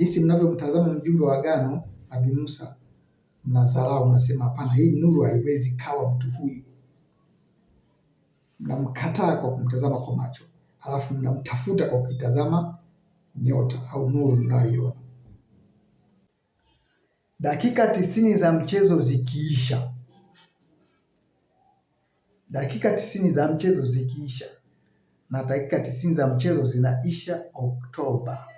jinsi mnavyomtazama mjumbe wa agano Nabii Musa, mnadharau, mnasema hapana, hii nuru haiwezi kawa mtu huyu. Mnamkataa kwa kumtazama kwa macho, alafu mnamtafuta kwa kuitazama nyota au nuru mnayoiona. Dakika tisini za mchezo zikiisha, dakika tisini za mchezo zikiisha, na dakika tisini za mchezo zinaisha Oktoba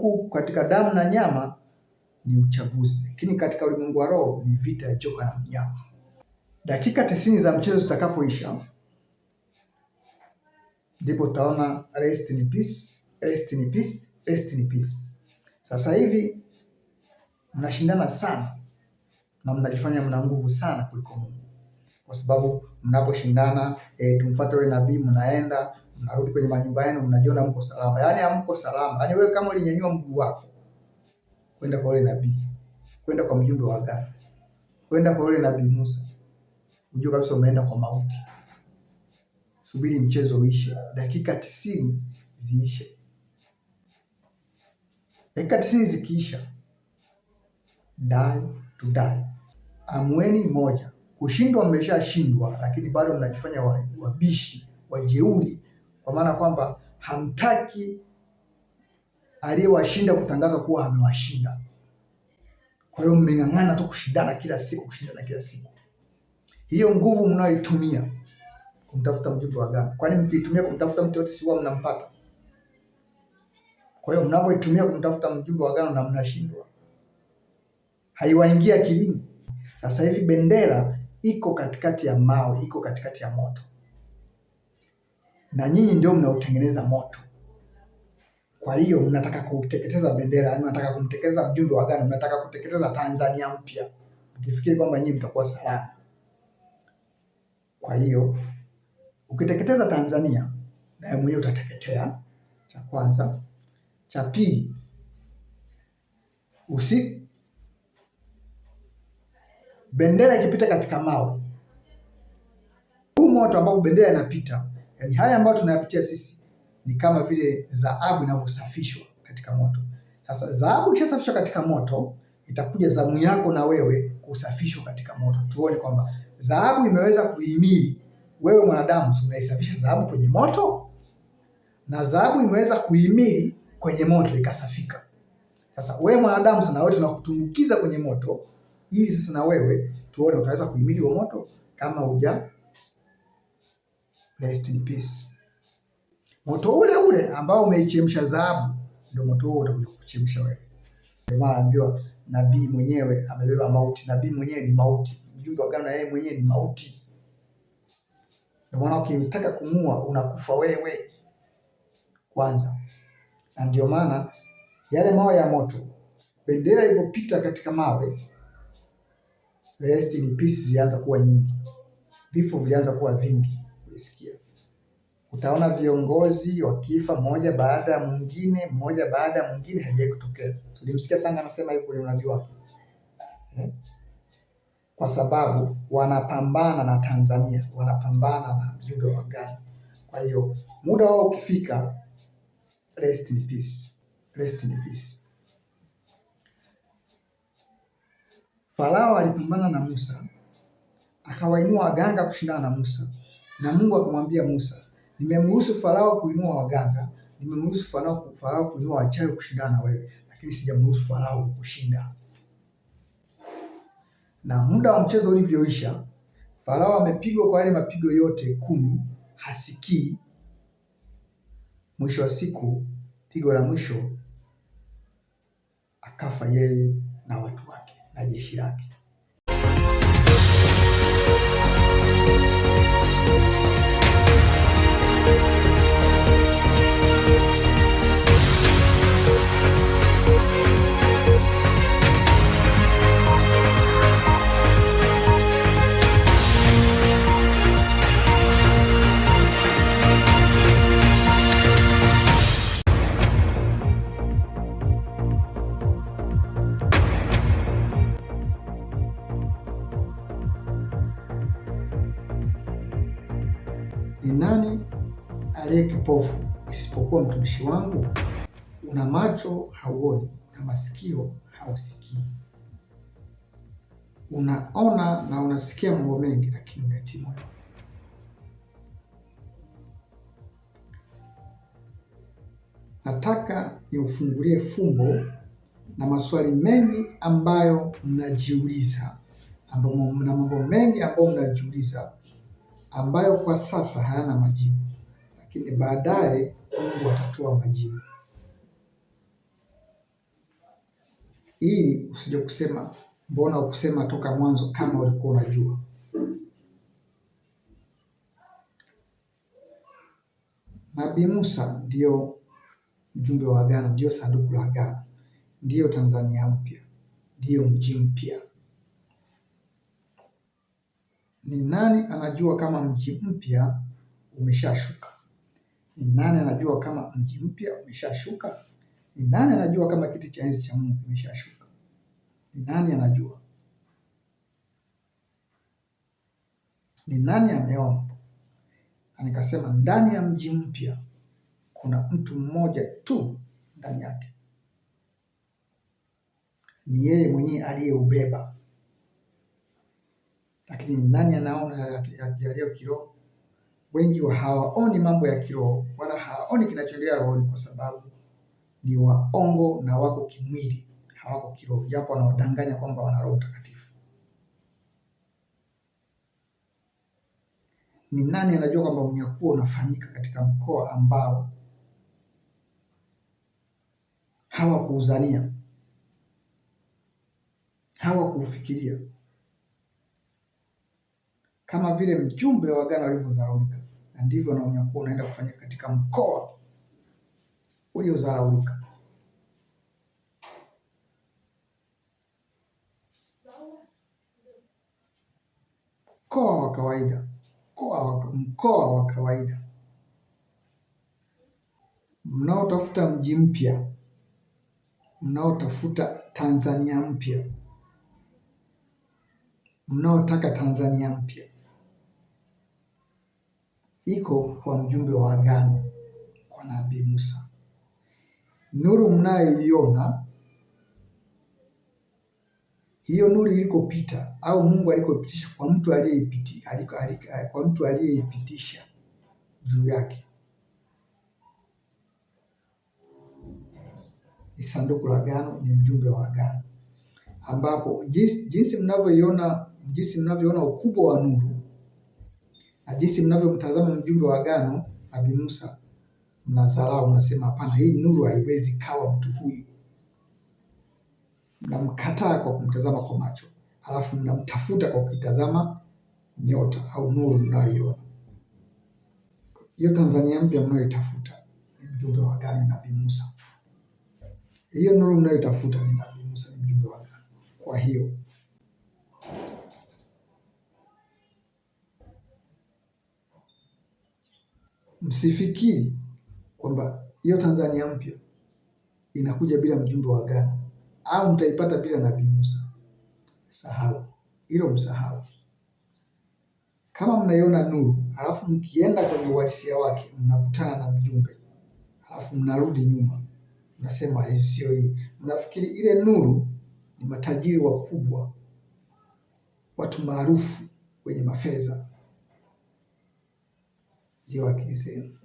huku katika damu na nyama ni uchaguzi, lakini katika ulimwengu wa roho ni vita ya joka na mnyama. Dakika tisini za mchezo zitakapoisha, ndipo utaona rest in peace, rest in peace, rest in peace. Sasa hivi mnashindana sana na mnajifanya mna nguvu sana kuliko Mungu, kwa sababu mnaposhindana e, tumfuate yule nabii mnaenda mnarudi kwenye manyumba yenu, mnajiona mko salama. Yaani hamko salama, yaani wewe kama ulinyanyua mguu wako kwenda kwa yule nabii, kwenda kwa mjumbe wa agano, kwenda kwa yule nabii Musa, unajua kabisa umeenda kwa mauti. Subiri mchezo uishe, dakika tisini ziishe. Dakika tisini zikiisha, die to die. Amweni moja. Kushindwa mmeshashindwa, lakini bado mnajifanya wabishi, wajeuri kwa maana kwamba hamtaki aliyewashinda kutangaza kuwa amewashinda. Kwa hiyo mmeng'ang'ana tu kushindana kila siku, kushindana kila siku. Hiyo nguvu mnayoitumia kumtafuta mjumbe wa agano, kwani mkiitumia kumtafuta mtu yote, si huwa mnampata? Kwa hiyo mnavyoitumia kumtafuta mjumbe wa agano na mnashindwa, haiwaingia kilini. Sasa hivi bendera iko katikati ya mawe, iko katikati ya moto na nyinyi ndio mnautengeneza moto. Kwa hiyo mnataka kuteketeza bendera, yani mnataka kumteketeza mjumbe wa Ghana, mnataka kuteketeza Tanzania mpya, mkifikiri kwamba nyinyi mtakuwa salama. Kwa hiyo ukiteketeza Tanzania, naye mwenyewe utateketea, cha kwanza. Cha pili, usi bendera ikipita katika mawe, huu moto ambao bendera inapita Yani haya ambayo tunayapitia sisi ni kama vile dhahabu inavyosafishwa katika moto. Sasa dhahabu ikishasafishwa katika moto, itakuja zamu yako na wewe kusafishwa katika moto. Tuone kwamba dhahabu imeweza kuhimili wewe mwanadamu, unaisafisha dhahabu kwenye moto, na dhahabu imeweza kuhimili kwenye moto ikasafika. Sasa wewe mwanadamu, sana wewe tunakutumbukiza kwenye moto, ili sasa na wewe tuone utaweza kuhimili huo moto kama uja rest in peace. Moto ule ule ambao umeichemsha dhahabu ndio moto huo utakuja kuchemsha wewe. Ndio maana nabii mwenyewe amebeba mauti. Nabii mwenyewe ni mauti, mjumbe wa agano yeye mwenyewe ni mauti. Ndio maana ukimtaka kumua unakufa wewe kwanza, na ndio maana yale mawe ya moto, bendera ilipopita katika mawe, rest in peace zilianza kuwa nyingi, vifo vilianza kuwa vingi kuvisikia. Utaona viongozi wakifa mmoja baada ya mwingine, mmoja baada ya mwingine, haijawahi kutokea. Tulimsikia sana anasema hivyo kwenye unabii wake eh? Kwa sababu wanapambana na Tanzania, wanapambana na mjumbe wa Ghana. Kwa hiyo muda wao ukifika, rest in peace, rest in peace. Farao alipambana na Musa, akawainua waganga kushindana na Musa na Mungu akamwambia Musa, nimemruhusu Farao kuinua waganga, nimemruhusu Farao kuinua wachawi kushindana na wewe, lakini sijamruhusu Farao kushinda. Na muda wa mchezo ulivyoisha, Farao amepigwa kwa yale mapigo yote kumi, hasikii. Mwisho wa siku, pigo la mwisho akafa yeye na watu wake na jeshi lake. Thank you kipofu, isipokuwa mtumishi wangu? Una macho hauoni, una masikio hausikii, unaona na unasikia mambo mengi, lakini unatii moyo. Nataka niufungulie fumbo na maswali mengi ambayo mnajiuliza, ambayo mna mambo mengi ambayo mnajiuliza, ambayo kwa sasa hayana majibu lakini baadaye Mungu atatoa majibu, ili usije kusema mbona ukusema toka mwanzo kama ulikuwa unajua. Nabii Musa ndiyo mjumbe wa agano, ndiyo sanduku la agano, ndiyo Tanzania mpya, ndiyo mji mpya. Ni nani anajua kama mji mpya umeshashuka? Ni nani anajua kama mji mpya umeshashuka? Ni nani anajua kama kiti cha enzi cha Mungu kimeshashuka? Ni nani anajua? Ni nani ameona? Na nikasema ndani ya mji mpya kuna mtu mmoja tu ndani yake, ni yeye mwenyewe aliyeubeba. Lakini nani anaona yaliyo kiroho? wengi wa hawaoni mambo ya kiroho wala hawaoni kinachoendelea rohoni, kwa sababu ni waongo na wako kimwili, hawako kiroho, japo wanaodanganya kwamba wana Roho Mtakatifu. Ni nani anajua kwamba unyakuo unafanyika katika mkoa ambao hawakuuzania, hawakuufikiria? kama vile mjumbe wa agano alivyodharaulika, na ndivyo na unyakuo unaenda kufanya katika mkoa uliodharaulika. Mkoa wa kawaida, mkoa wa kawaida, mnaotafuta mji mpya, mnaotafuta Tanzania mpya, mnaotaka Tanzania mpya iko kwa mjumbe wa agano kwa nabii Musa. Nuru mnayoiona hiyo nuru ilikopita au Mungu alikopitisha kwa mtu aliyeipitia, kwa mtu aliyeipitisha juu yake isanduku sanduku la agano, ni mjumbe wa agano, ambapo jinsi mnavyoiona, jinsi mnavyoona ukubwa wa nuru na jinsi mnavyomtazama mjumbe wa agano Nabii Musa, mnadharau, mnasema hapana, hii nuru haiwezi kawa mtu huyu. Mnamkataa kwa kumtazama kwa macho, alafu mnamtafuta kwa kuitazama nyota au nuru mnayoiona. Hiyo Tanzania mpya mnayoitafuta ni mjumbe wa agano, Nabii Musa. Hiyo nuru mnayoitafuta ni Nabii Musa, ni mjumbe wa agano. Kwa hiyo Msifikiri kwamba hiyo Tanzania mpya inakuja bila mjumbe wa gani au mtaipata bila Nabii Musa. Sahau hilo, msahau. Kama mnaiona nuru alafu mkienda kwenye uhalisia wake mnakutana na mjumbe, alafu mnarudi nyuma, mnasema hii eh, sio hii. Mnafikiri ile nuru ni matajiri wakubwa, watu maarufu wenye mafedha ndio akili zenu.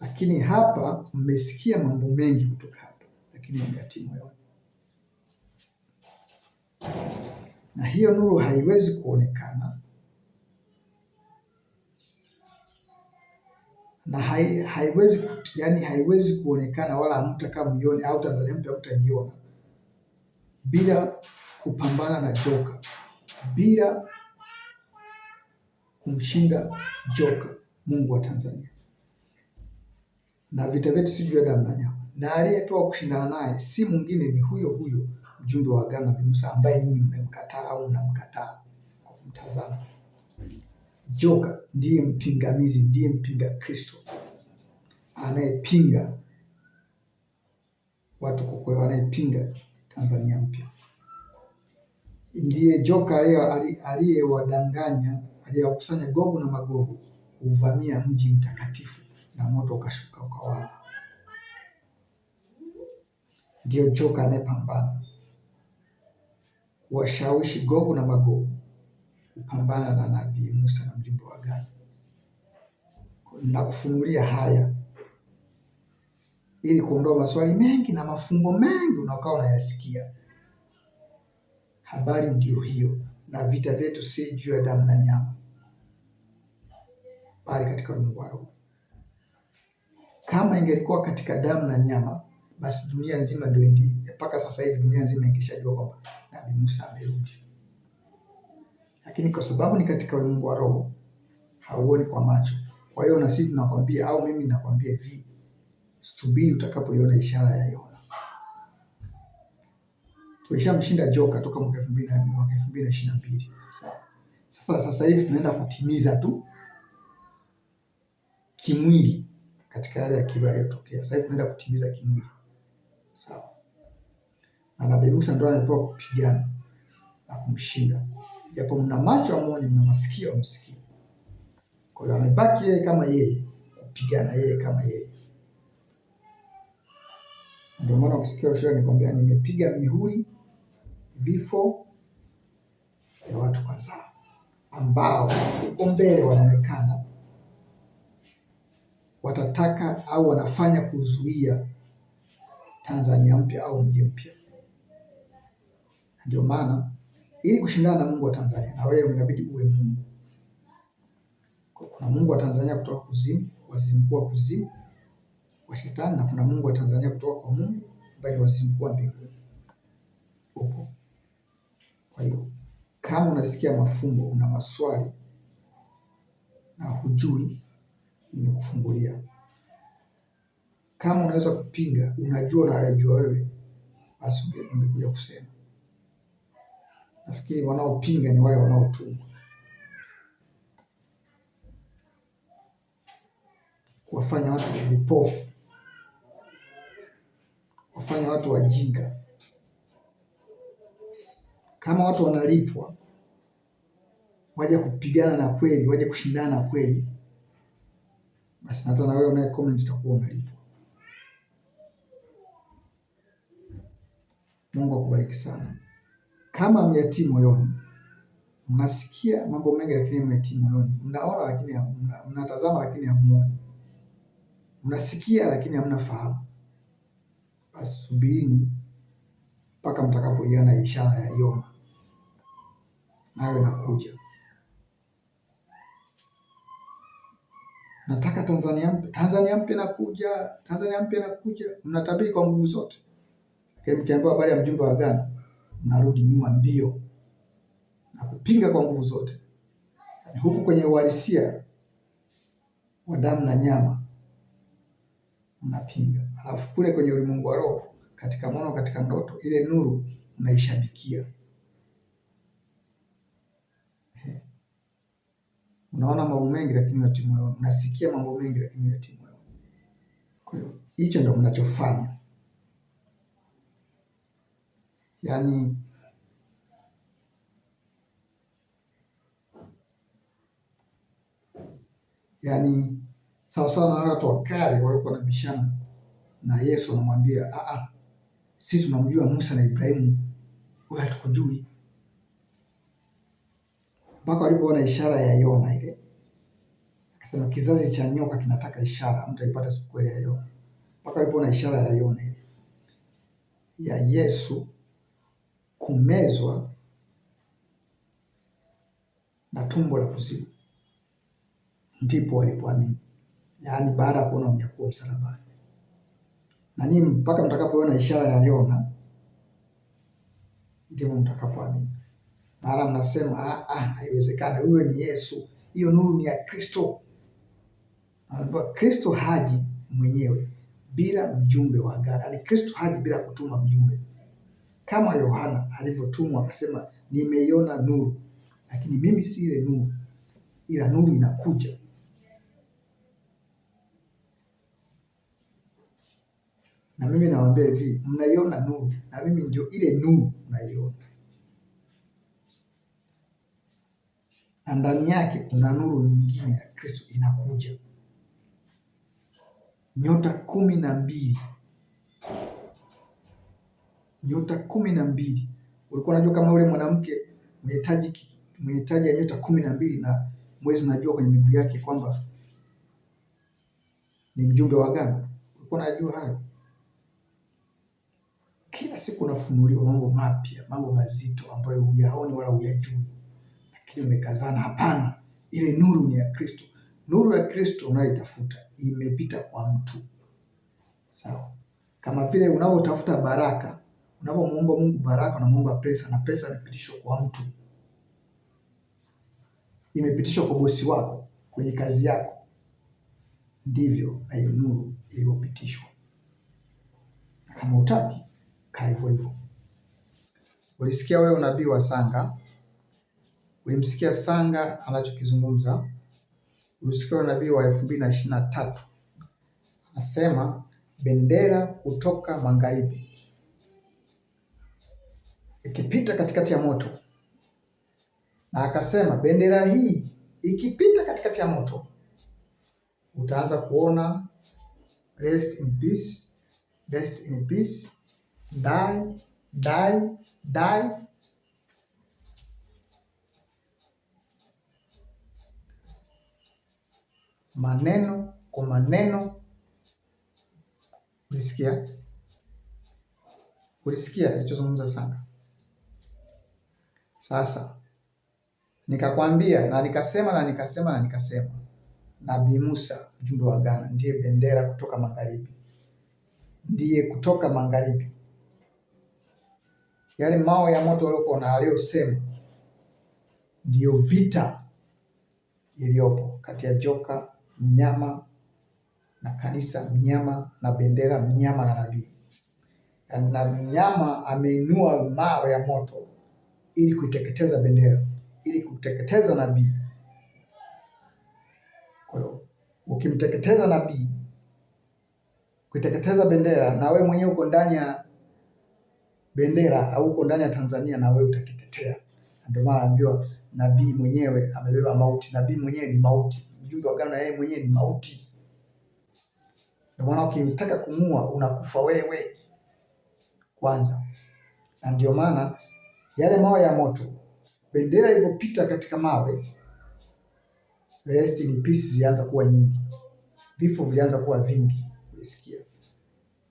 Lakini hapa mmesikia mambo mengi kutoka hapa, lakini mmeyatii moyoni, na hiyo nuru haiwezi kuonekana na hai, haiwezi yani haiwezi kuonekana wala hamtakamwione au Tanzania mpya hamtaiona bila kupambana na joka, bila kumshinda joka Mungu wa Tanzania, na vita vyetu si juu ya damu na nyama, na aliyetoa kushindana naye si mwingine, ni huyo huyo mjumbe wa agano la Musa ambaye ninyi mmemkataa au mnamkataa kwa kumtazama. Joka ndiye mpingamizi, ndiye mpinga Kristo, anayepinga watu kukolewa, anayepinga Tanzania mpya, ndiye joka aliyewadanganya kwa ya gogo na magogo, uvamia mji mtakatifu na moto ukashuka ukawaka. Ndiyo joka anayepambana kuwashawishi gogo na magogo kupambana na Nabii Musa na mjumbe wa na Nakufunulia haya ili kuondoa maswali mengi na mafungo mengi unaokaa unayasikia. Habari ndiyo hiyo, na vita vyetu si juu ya damu na nyama pale katika ulimwengu wa roho. Kama ingelikuwa katika damu na nyama, basi dunia nzima ndio ingi mpaka sasa hivi dunia nzima ingeshajua kwamba Nabii Musa amerudi, lakini kwa sababu ni katika ulimwengu wa roho, hauoni kwa macho. Kwa hiyo na sisi tunakwambia, au mimi nakwambia hivi, subiri utakapoiona ishara ya Yona. Tulishamshinda joka toka mwaka elfu mbili na ishirini na mbili. Sasa sasa hivi tunaenda kutimiza tu kimwili katika yale akiba yaliyotokea. Sasa hivi tunaenda kutimiza kimwili, sawa. Na Nabii Musa ndio anapewa kupigana na kumshinda, japo mna macho amuoni, mna masikio amsikie. Kwa hiyo amebaki yeye kama yeye, kupigana yeye kama yeye. Ndio maana ukisikia ushauri nikwambia, nimepiga mihuri vifo ya watu kwanza ambao huko mbele wanaonekana watataka au wanafanya kuzuia Tanzania mpya au mji mpya. Ndio maana ili kushindana na Mungu wa Tanzania, na wewe unabidi uwe Mungu. Kuna Mungu wa Tanzania kutoka kuzimu, waziri kuzimu wa shetani, na kuna Mungu wa Tanzania kutoka kwa Mungu ambaye ni waziri mbinguni upo. Kwa hiyo kama unasikia mafumbo, una maswali na hujui nimekufungulia. Kama unaweza kupinga, unajua unayajua wewe, basi ungekuja kusema. Nafikiri wanaopinga ni wale wanaotumwa kuwafanya watu vipofu, kuwafanya watu wajinga. Kama watu wanalipwa waje kupigana na kweli, waje kushindana na kweli, basi hata na wewe unaye comment utakuwa umelipwa. Mungu akubariki sana. Kama mjatii moyoni, mnasikia mambo mengi lakini mjatii moyoni, mnaona lakini mnatazama lakini hamuoni, mnasikia lakini hamna fahamu, basi subirini mpaka mtakapoiona ishara ya Yona, nayo inakuja. nataka Tanzania mpya, Tanzania mpya nakuja Tanzania mpya nakuja mnatabiri kwa nguvu zote, lakini mkiambiwa habari ya mjumbe wa Ghana mnarudi nyuma mbio na kupinga kwa nguvu zote. Yani huku kwenye uhalisia wa damu na nyama mnapinga, alafu kule kwenye ulimwengu wa roho, katika mono katika ndoto, ile nuru mnaishabikia. naona mambo mengi lakini unatimu moyoni, nasikia mambo mengi lakini unatimu moyoni. Kwa hiyo hicho ndio mnachofanya, yaani yaani sawa na watu wa kale walikuwa bishana na Yesu, anamwambia ah, ah, sisi tunamjua Musa na Ibrahimu, wewe hatukujui mpaka walipoona ishara ya Yona ile, akasema kizazi cha nyoka kinataka ishara, mtaipata siku kweli ya Yona. Mpaka walipoona ishara ya Yona ile ya Yesu kumezwa na tumbo la kuzimu, ndipo walipoamini, yaani baada ya kuona mnyakuo msalabani. Na mpaka mtakapoona ishara ya Yona ndipo mtakapoamini mara mnasema ah, ah, haiwezekani, huyo ni Yesu, hiyo nuru ni ya Kristo. Anaambiwa Kristo haji mwenyewe bila mjumbe wa agano, yaani Kristo haji bila kutuma mjumbe, kama Yohana alivyotumwa akasema, nimeiona nuru, lakini mimi si ile nuru, ila nuru inakuja. Na mimi nawaambia hivi, mnaiona nuru, na mimi ndio ile nuru mnaiona. na ndani yake kuna nuru nyingine ya Kristo inakuja. Nyota kumi na mbili, nyota kumi na mbili. Ulikuwa unajua kama yule mwanamke mwenye mwenye taji ya nyota kumi na mbili na mwezi unajua kwenye miguu yake kwamba ni mjumbe wa agano? Ulikuwa unajua hayo? Kila siku unafunuliwa mambo mapya, mambo mazito ambayo huyaoni wala huyajui lakini umekazana. Hapana, ile nuru ni ya Kristo. Nuru ya Kristo unayoitafuta imepita kwa mtu, sawa? Kama vile unavyotafuta baraka, unavyomuomba Mungu baraka, unamuomba pesa, na pesa imepitishwa kwa mtu, imepitishwa kwa bosi wako kwenye kazi yako, ndivyo na hiyo nuru ilivyopitishwa. Kama utaki kaivyo hivyo. Ulisikia ule unabii wa Sanga Ulimsikia Sanga anachokizungumza, ulisikia unabii wa elfu mbili na ishirini na tatu anasema bendera kutoka magharibi ikipita katikati ya moto, na akasema bendera hii ikipita katikati ya moto utaanza kuona rest in peace, rest in peace, die die die maneno kwa maneno. Ulisikia? Ulisikia nilichozungumza sana? Sasa nikakwambia na nikasema na nikasema na nikasema, Nabii Musa mjumbe wa Agano ndiye bendera kutoka magharibi, ndiye kutoka magharibi. Yale mawe ya moto waliokuona, aliyosema ndiyo vita iliyopo kati ya joka mnyama na kanisa mnyama na bendera mnyama na nabii na mnyama ameinua mawe ya moto ili kuiteketeza bendera, ili kuteketeza nabii. Kwa hiyo ukimteketeza nabii, kuiteketeza bendera, na wewe mwenyewe uko ndani ya bendera au uko ndani ya Tanzania, na wewe utateketea. Ndio maana naambiwa nabii mwenyewe amebeba mauti, nabii mwenyewe ni mauti ujumbe wa agano na yeye mwenyewe ni mauti. Ndio maana ukimtaka kumua unakufa wewe kwanza, na ndio maana yale mawe ya moto, bendera ilipopita katika mawe, rest in peace zilianza kuwa nyingi, vifo vilianza kuwa vingi. Ulisikia,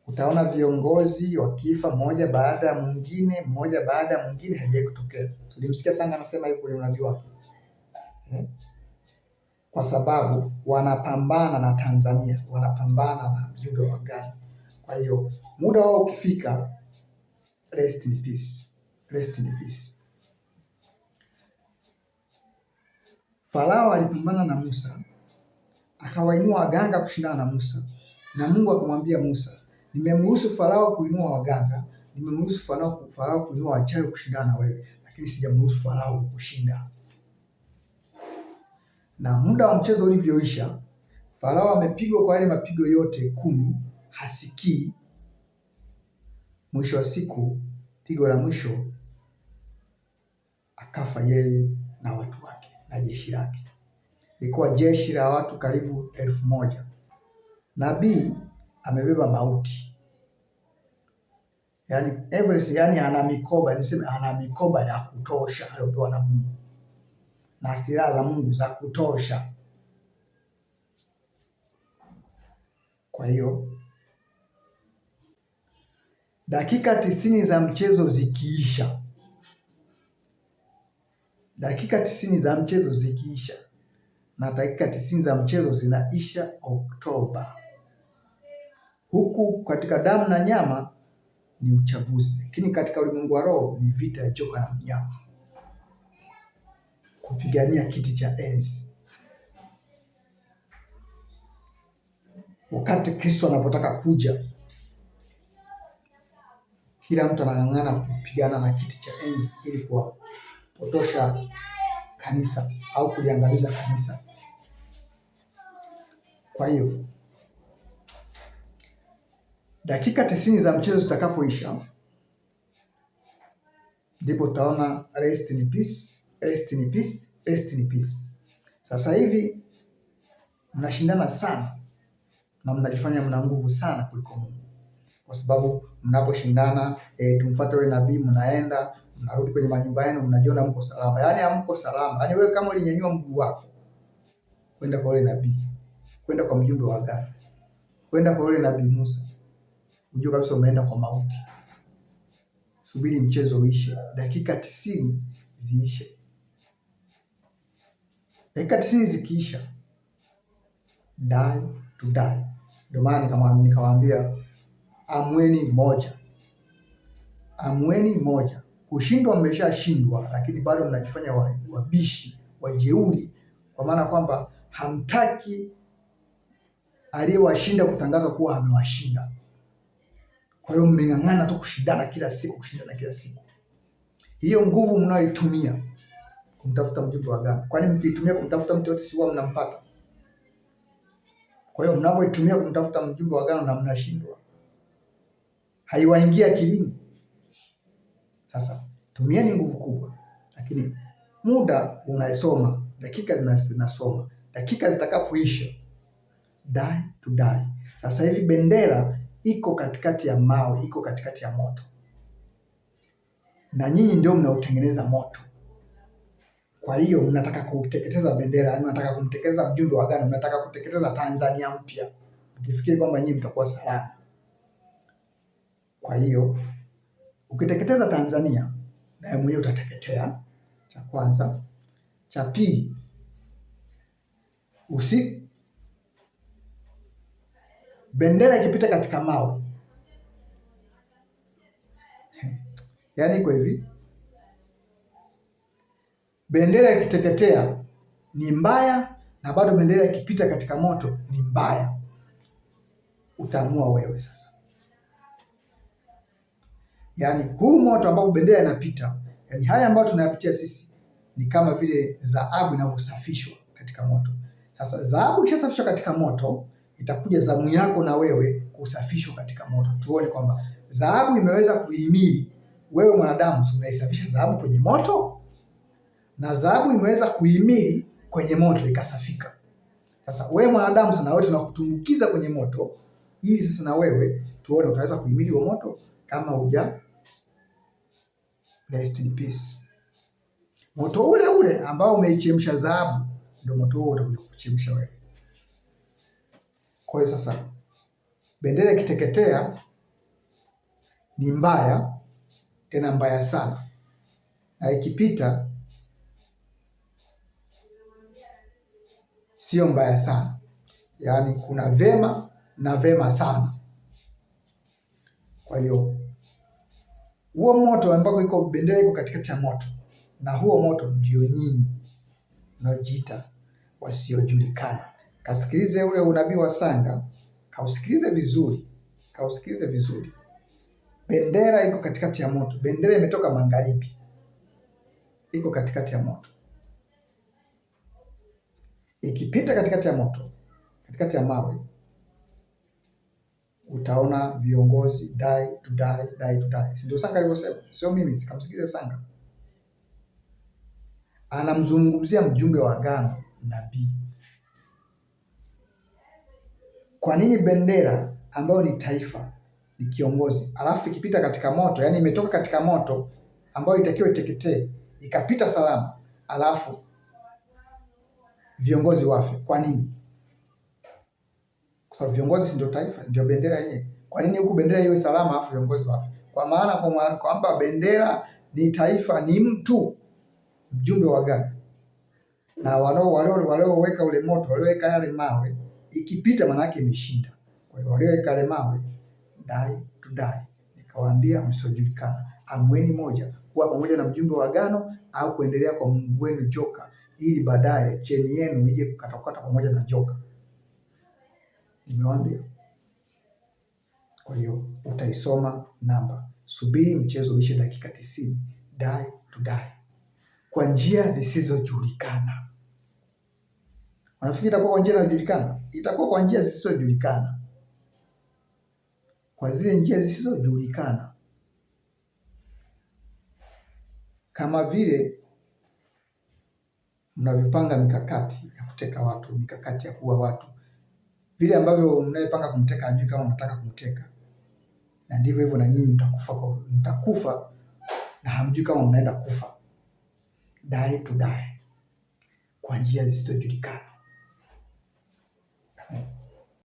utaona viongozi wakifa moja baada ya mwingine, mmoja baada ya mwingine, haijawahi kutokea. Tulimsikia sana anasema hivyo kwenye unabii wake eh? kwa sababu wanapambana na Tanzania, wanapambana na mjumbe wa Ghana. Kwa hiyo muda wao ukifika, rest in peace, rest in peace. Farao alipambana na Musa akawainua waganga kushindana na Musa, na Mungu akamwambia Musa, nimemruhusu Farao kuinua waganga, nimemruhusu Farao kuinua wachawi kushindana na wewe, lakini sijamruhusu Farao kushinda na muda wa mchezo ulivyoisha, Farao amepigwa kwa yale mapigo yote kumi, hasikii. Mwisho wa siku, pigo la mwisho akafa yeye na watu wake na jeshi lake. Ilikuwa jeshi la watu karibu elfu moja. Nabii amebeba mauti, yani, Everest, yani ana mikoba, niseme ana mikoba ya kutosha aliyopewa na Mungu na silaha za Mungu za kutosha. Kwa hiyo dakika tisini za mchezo zikiisha, dakika tisini za mchezo zikiisha, na dakika tisini za mchezo zinaisha Oktoba. Huku katika damu na nyama ni uchaguzi, lakini katika ulimwengu wa roho ni vita ya joka na mnyama kupigania kiti cha enzi. Wakati Kristo anapotaka kuja, kila mtu anang'ang'ana kupigana na kiti cha enzi ili kuwapotosha kanisa au kuliangamiza kanisa. Kwa hiyo dakika tisini za mchezo zitakapoisha ndipo utaona rest in peace rest in peace, rest in peace. Sasa hivi mnashindana sana na mnajifanya mna nguvu sana kuliko Mungu, kwa sababu mnaposhindana e, tumfuate yule nabii, mnaenda mnarudi kwenye manyumba yenu, mnajiona mko salama. Yaani hamko salama, yaani wewe kama ulinyanyua mguu wako kwenda kwa yule nabii, kwenda kwa mjumbe wa agano, kwenda kwa yule nabii Musa, unajua kabisa umeenda kwa mauti. Subiri mchezo uishe, dakika tisini ziishe dakika tisini zikiisha die to die. Ndio maana nikawaambia amweni moja, amweni moja. Kushindwa mmeshashindwa, lakini bado mnajifanya wabishi wa wajeuri, kwa maana kwamba hamtaki aliyewashinda kutangaza kuwa amewashinda. Kwa hiyo mmeng'ang'ana tu kushindana kila siku, kushindana kila siku. Hiyo nguvu mnayoitumia kumtafuta mjumbe wa agano. Kwani mkiitumia kumtafuta mtu yote, si huwa mnampata? Kwa hiyo mnavyoitumia kumtafuta mjumbe wa agano na mnashindwa, haiwaingia akilini. Sasa tumieni nguvu kubwa, lakini muda unaisoma, dakika zinasoma, dakika zitakapoisha die to die. Sasa hivi bendera iko katikati ya mawe, iko katikati ya moto, na nyinyi ndio mnaotengeneza moto. Kwa hiyo mnataka kuteketeza bendera, yani mnataka kumteketeza mjumbe wa Ghana, mnataka kuteketeza Tanzania mpya, mkifikiri kwamba nyinyi mtakuwa salama. Kwa hiyo ukiteketeza Tanzania naye mwenyewe utateketea, cha kwanza. Cha pili, usi bendera ikipita katika mawe, yaani iko hivi bendera ikiteketea ni mbaya, na bado bendera ikipita katika moto ni mbaya. Utaamua wewe sasa. Yaani huu moto ambapo bendera inapita, yaani haya ambayo tunayapitia sisi ni kama vile dhahabu inavyosafishwa katika moto. Sasa dhahabu ikishasafishwa katika moto, itakuja zamu yako na wewe kusafishwa katika moto. Tuone kwamba dhahabu imeweza kuhimili, wewe mwanadamu, unaisafisha dhahabu kwenye moto? na dhahabu imeweza kuhimili kwenye moto ikasafika. Sasa wewe mwanadamu, sana wewe tunakutumbukiza kwenye moto ili sasa na wewe tuone utaweza kuhimili huo moto kama uja rest in peace. Moto ule ule ambao umeichemsha dhahabu ndio moto huo utakuja kuchemsha wewe. Kwa hiyo sasa bendera ikiteketea ni mbaya, tena mbaya sana, na ikipita sio mbaya sana, yaani kuna vema na vema sana. Kwa hiyo huo moto ambako iko bendera iko katikati ya moto, na huo moto ndio nyinyi mnaojiita wasiojulikana. Kasikilize ule unabii wa Sanga, kausikilize vizuri, kausikilize vizuri. Bendera iko katikati ya moto, bendera imetoka magharibi, iko katikati ya moto ikipita katikati ya moto, katikati ya mawe, utaona viongozi die to die, die to die. Si Sanga alivyosema? Sio mimi, sikamsikiza Sanga. Anamzungumzia mjumbe wa agano, nabii. Kwa nini bendera ambayo ni taifa ni kiongozi, alafu ikipita katika moto, yani imetoka katika moto ambayo itakiwa iteketee, ikapita salama, alafu viongozi wafe. Kwa nini? Kwa sababu viongozi si ndio taifa, ndio bendera yenyewe. Kwa nini huku bendera iwe salama afu viongozi wafe? Kwa maana kwamba bendera ni taifa, ni mtu, mjumbe wa gari na walioweka ule moto, walioweka yale mawe, ikipita maana yake imeshinda. Kwa hiyo walioweka yale mawe dai die, nikawaambia msiojulikana, amweni moja, kuwa pamoja na mjumbe wa agano au kuendelea kwa Mungu wenu joka ili baadaye cheni yenu ije kukatakata pamoja na joka. nimewambia Kwa hiyo utaisoma namba, subiri mchezo uishe dakika tisini, die to die, kwa njia zisizojulikana. Wanafikiri itakuwa kwa njia inayojulikana? Itakuwa kwa njia zisizojulikana, kwa zile njia zisizojulikana kama vile mnavyopanga mikakati ya kuteka watu, mikakati ya kuua watu, vile ambavyo mnayepanga kumteka hajui kama mnataka kumteka, na ndivyo hivyo na nyinyi mtakufa, mtakufa na hamjui kama mnaenda kufa, die to die, kwa njia zisizojulikana.